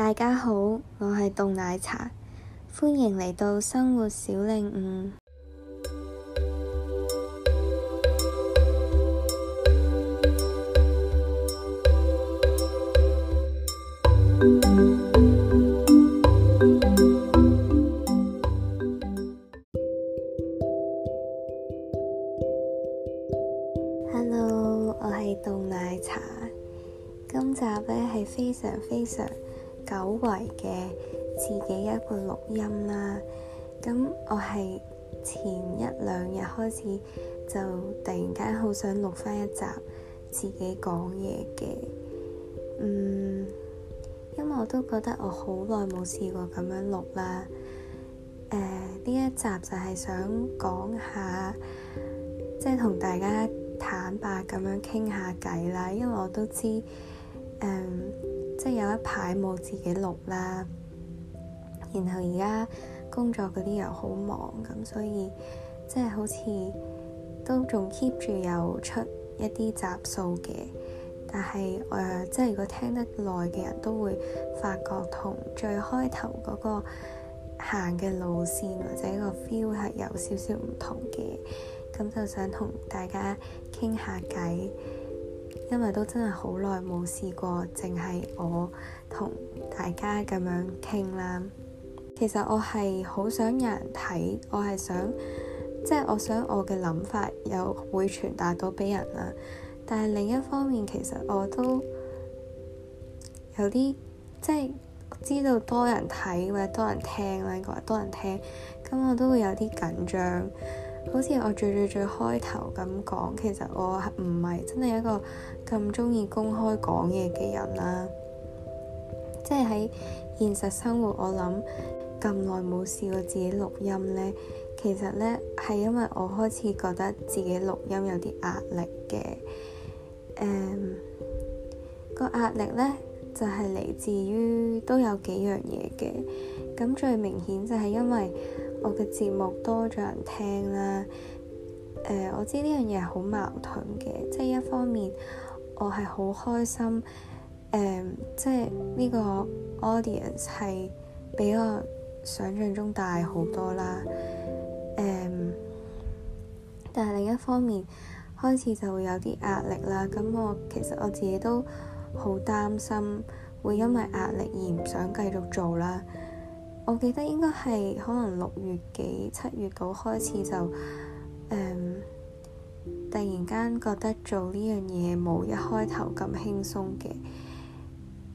大家好，我係凍奶茶，歡迎嚟到生活小領悟。Hello，我係凍奶茶，今集呢係非常非常。久違嘅自己一個錄音啦，咁我係前一兩日開始就突然間好想錄翻一集自己講嘢嘅，嗯，因為我都覺得我好耐冇試過咁樣錄啦，誒、呃，呢一集就係想講下，即係同大家坦白咁樣傾下偈啦，因為我都知，誒、呃。即係有一排冇自己錄啦，然後而家工作嗰啲又好忙咁，所以即係好似都仲 keep 住有出一啲集數嘅，但係誒、呃，即係如果聽得耐嘅人都會發覺同最開頭嗰個行嘅路線或者個 feel 係有少少唔同嘅，咁就想同大家傾下偈。因為都真係好耐冇試過，淨係我同大家咁樣傾啦。其實我係好想有人睇，我係想，即係我想我嘅諗法又會傳達到俾人啦。但係另一方面，其實我都有啲即係知道多人睇或者多人聽啦，或者多人聽，咁我都會有啲緊張。好似我最最最開頭咁講，其實我唔係真係一個咁鍾意公開講嘢嘅人啦。即係喺現實生活，我諗咁耐冇試過自己錄音咧。其實咧係因為我開始覺得自己錄音有啲壓力嘅。誒、嗯，個壓力咧就係、是、嚟自於都有幾樣嘢嘅。咁最明顯就係因為，我嘅節目多咗人聽啦，誒、呃，我知呢樣嘢係好矛盾嘅，即係一方面我係好開心，誒、呃，即係呢個 audience 係比我想像中大好多啦，誒、呃，但係另一方面開始就會有啲壓力啦，咁我其實我自己都好擔心會因為壓力而唔想繼續做啦。我記得應該係可能六月幾七月度開始就、嗯、突然間覺得做呢樣嘢冇一開頭咁輕鬆嘅、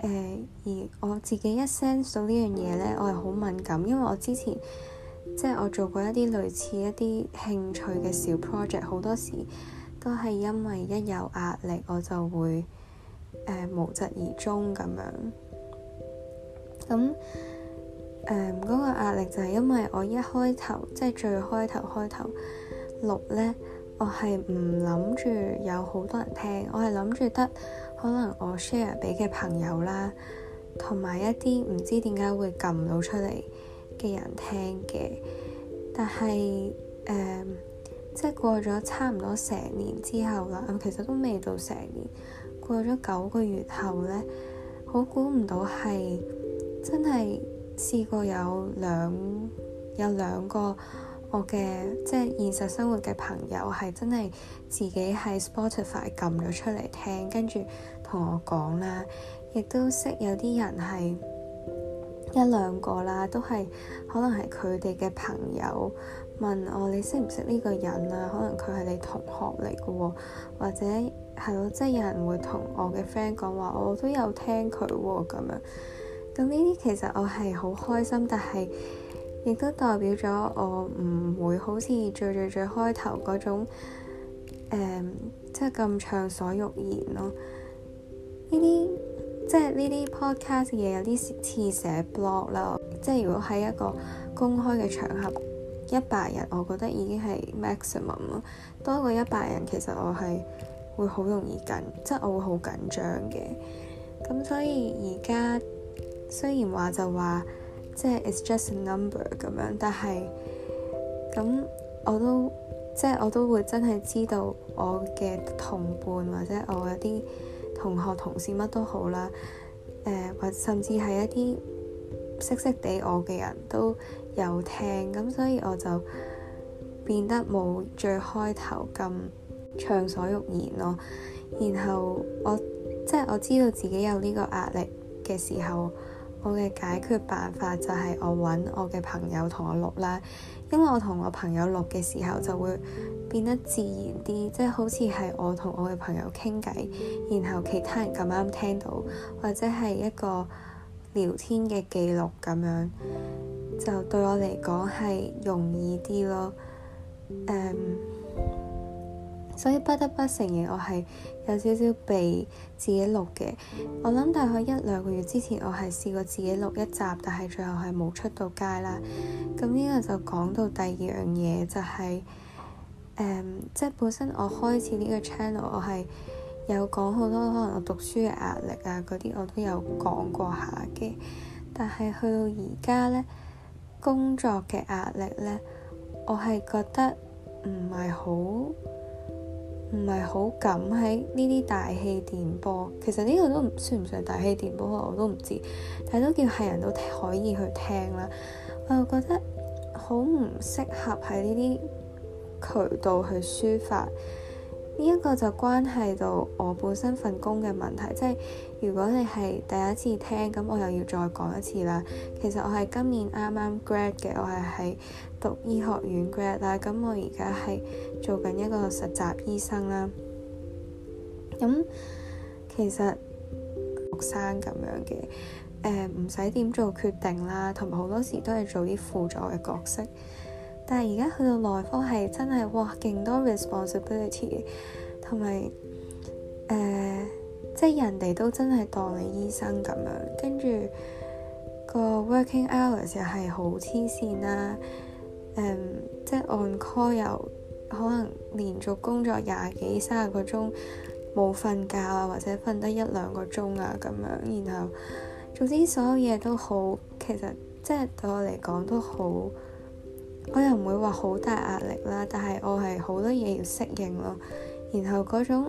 嗯。而我自己一 sense 到呢樣嘢呢，我係好敏感，因為我之前即係、即係、我做過一啲類似一啲興趣嘅小 project，好多時都係因為一有壓力，我就會誒、嗯、無疾而終咁樣咁。嗯。誒嗰、嗯嗰個壓力就係因為我一開頭，即係最開頭開頭錄呢，我係唔諗住有好多人聽，我係諗住得可能我 share 俾嘅朋友啦，同埋一啲唔知點解會撳到出嚟嘅人聽嘅。但係、嗯、即係過咗差唔多成年之後啦、嗯，其實都未到成年，過咗九個月後呢，好估唔到係真係。試過有兩有兩個我嘅即係現實生活嘅朋友係真係自己喺 Spotify 撳咗出嚟聽，跟住同我講啦。亦都識有啲人係一兩個啦，都係可能係佢哋嘅朋友問我你識唔識呢個人啊？可能佢係你同學嚟嘅喎，或者係咯，即係有人會同我嘅 friend 講話，我都有聽佢喎咁樣。咁呢啲其實我係好開心，但係亦都代表咗我唔會好似最最最最開頭嗰種、嗯、即係咁暢所欲言咯。呢啲即係呢啲 podcast 嘢有啲似寫 blog 啦。即係如果喺一個公開嘅場合，一百人我覺得已經係 maximum 咯。多過一百人其實我係會好容易緊，即係我會好緊張嘅。咁所以而家。雖然話就話即係 it's just a number 咁樣，但係咁我都即係我都會真係知道我嘅同伴或者我一啲同學同事乜都好啦，誒、呃、或甚至係一啲識識哋我嘅人都有聽，咁所以我就變得冇最開頭咁暢所欲言咯。然後我即係我知道自己有呢個壓力嘅時候。我嘅解決辦法就係我揾我嘅朋友同我錄啦，因為我同我朋友錄嘅時候就會變得自然啲，即係好似係我同我嘅朋友傾偈，然後其他人咁啱聽到，或者係一個聊天嘅記錄咁樣，就對我嚟講係容易啲咯，um, 所以不得不承認，我係有少少被自己錄嘅。我諗大概一兩個月之前，我係試過自己錄一集，但係最後係冇出到街啦。咁呢個就講到第二樣嘢，就係、嗯、即係本身我開始呢個 channel，我係有講好多可能我讀書嘅壓力啊，嗰啲我都有講過下嘅。但係去到而家呢，工作嘅壓力呢，我係覺得唔係好，唔係好敢喺呢啲大氣電波，其實呢個都算唔上大氣電波，我都唔知，但係都叫係人都可以去聽啦。我又覺得好唔適合喺呢啲渠道去抒發。呢一個就關係到我本身份工嘅問題，即係如果你係第一次聽，咁我又要再講一次啦。其實我係今年啱啱 grad 嘅，我係喺讀醫學院 grad 啦，咁我而家係做緊一個實習醫生啦。咁其實學生咁樣嘅，誒唔使點做決定啦，同埋好多時都係做啲輔助嘅角色。但係而家去到內科係真係哇勁多 responsibility，同埋誒即係人哋都真係當你醫生咁樣，跟住、個 working hours、啊嗯、又係好黐線啦，誒即係 on call 又可能連續工作廿幾三十個鐘冇瞓覺啊，或者瞓得一兩個鐘啊咁樣，然後總之所有嘢都好，其實即係對我嚟講都好。我又唔會話好大壓力啦，但係我係好多嘢要適應咯。然後嗰種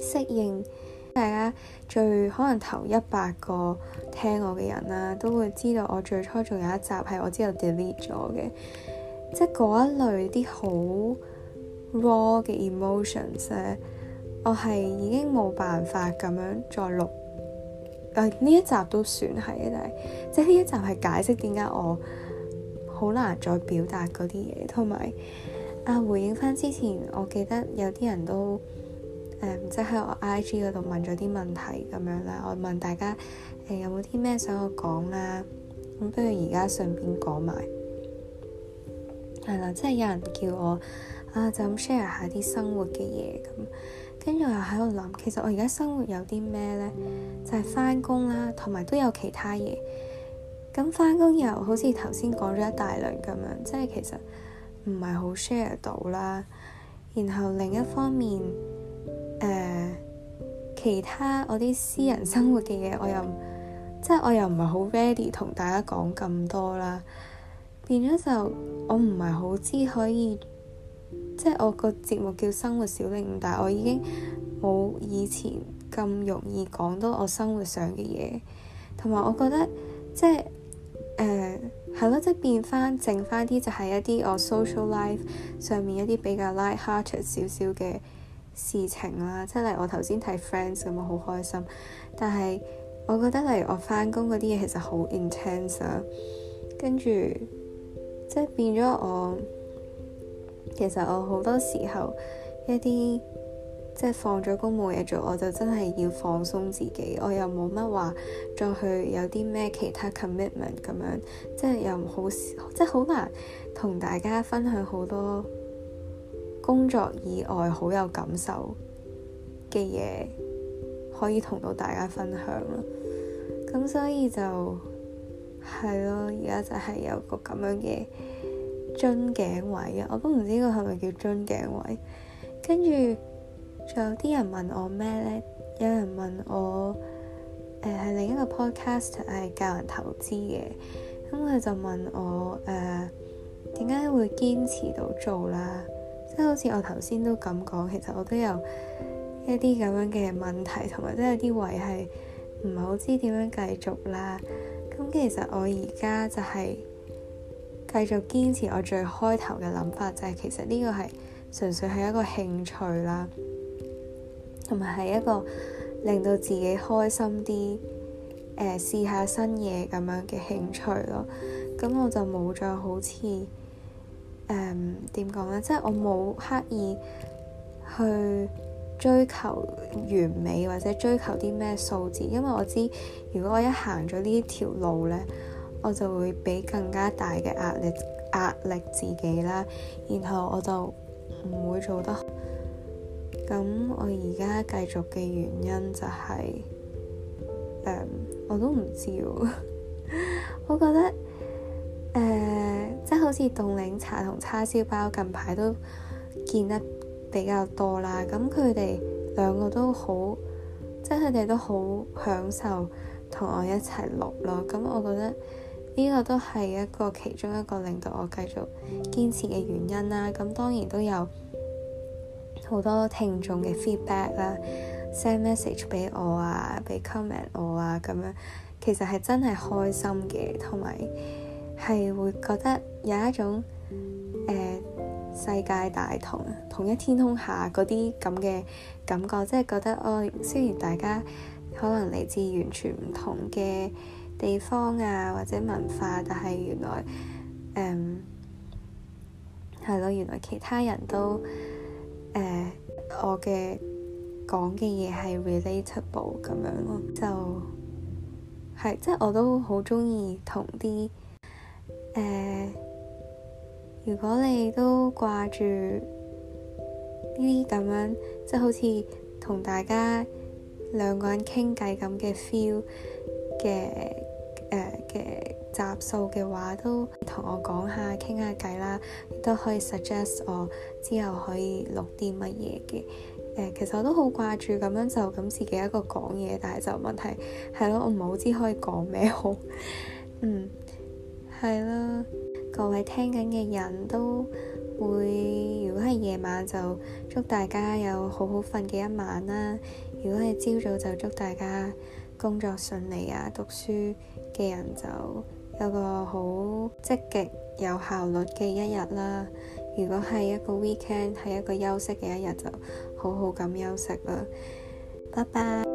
適應，大家最可能頭一百個聽我嘅人啦，都會知道我最初仲有一集係我知道 delete 咗嘅，即係嗰一類啲好 raw 嘅 emotions，啊，我係已經冇辦法咁樣再錄。啊，呢一集都算係，但係即係呢一集係解釋點解我。好難再表達嗰啲嘢，同埋啊回應返之前，我記得有啲人都誒即喺我 IG 嗰度問咗啲問題咁樣啦，我問大家誒、呃、有冇啲咩想我講啦，咁不如而家順便講埋係啦，即係、就是、有人叫我啊就咁 share 下啲生活嘅嘢咁，跟住又喺度諗，其實我而家生活有啲咩呢？就係返工啦，同埋都有其他嘢。咁返工又好似頭先講咗一大輪咁樣，即係其實唔係好 share 到啦。然後另一方面，誒、呃，其他我啲私人生活嘅嘢，我又即係我又唔係好 ready 同大家講咁多啦。變咗就我唔係好知可以，即係我個節目叫生活小靈夢，但係我已經冇以前咁容易講到我生活上嘅嘢。同埋我覺得即係。誒係咯，即、呃、變翻剩翻啲就係一啲我 social life 上面一啲比較 light-hearted 少少嘅事情啦，即係我頭先睇 friends 咁我好開心。但係我覺得例如我翻工嗰啲嘢其實好 intense 啊，跟住即係變咗我其實我好多時候一啲。即係放咗工冇嘢做，我就真係要放鬆自己。我又冇乜話再去有啲咩其他 commitment 咁樣，即係又唔好，即係好難同大家分享好多工作以外好有感受嘅嘢，可以同到大家分享咯。咁所以就係咯，而家就係有個咁樣嘅樽頸位啊！我都唔知個係咪叫樽頸位？跟住。仲有啲人問我咩咧？有人問我，誒係另一個 podcast 係教人投資嘅，咁佢就問我誒點解會堅持到做啦？即係好似我頭先都咁講，其實我都有一啲咁樣嘅問題，同埋都有啲位係唔係好知點樣繼續啦。咁其實我而家就係繼續堅持我最開頭嘅諗法，就係其實呢個係純粹係一個興趣啦。同埋係一個令到自己開心啲，誒試下新嘢咁樣嘅興趣咯。咁我就冇咗好似誒點講呢，即係我冇刻意去追求完美或者追求啲咩數字，因為我知如果我一行咗呢條路呢，我就會俾更加大嘅壓力，壓力自己啦。然後我就唔會做得。咁我而家繼續嘅原因就係、嗯，我都唔知 我覺得即係、呃即係、好似凍檸茶同叉燒包近排都見得比較多啦，咁佢哋兩個都好，即係佢哋都好享受同我一齊錄咯，咁我覺得呢個都係一個其中一個令到我繼續堅持嘅原因啦，咁當然都有，好多聽眾嘅 feedback 啦，send message 俾我啊，俾 comment 我啊，咁樣其實係真係開心嘅，同埋係會覺得有一種誒世界大同，同一天空下嗰啲咁嘅感覺，即係覺得哦，雖然大家可能嚟自完全唔同嘅地方啊，或者文化，但係原來誒係咯，原來其他人都。誒，uh, 我嘅講嘅嘢係 relatable 咁樣咯，就係即係我都好中意同啲誒，uh, 如果你都掛住呢啲咁樣，即係好似同大家兩個人傾偈咁嘅 feel 嘅。誒嘅、呃、集數嘅話，都同我講下傾下偈啦，亦都可以 suggest 我之後可以錄啲乜嘢嘅誒。其實我都好掛住咁樣就咁自己一個講嘢，但係就問題係咯，我唔係好知可以講咩好。 嗯，係啦，各位聽緊嘅人都會，如果係夜晚就祝大家有好好瞓嘅一晚啦；如果係朝早就祝大家工作順利啊，讀書嘅人就有個好積極有效率嘅一日啦。如果係一個 weekend，係一個休息嘅一日，就好好咁休息啦。拜拜。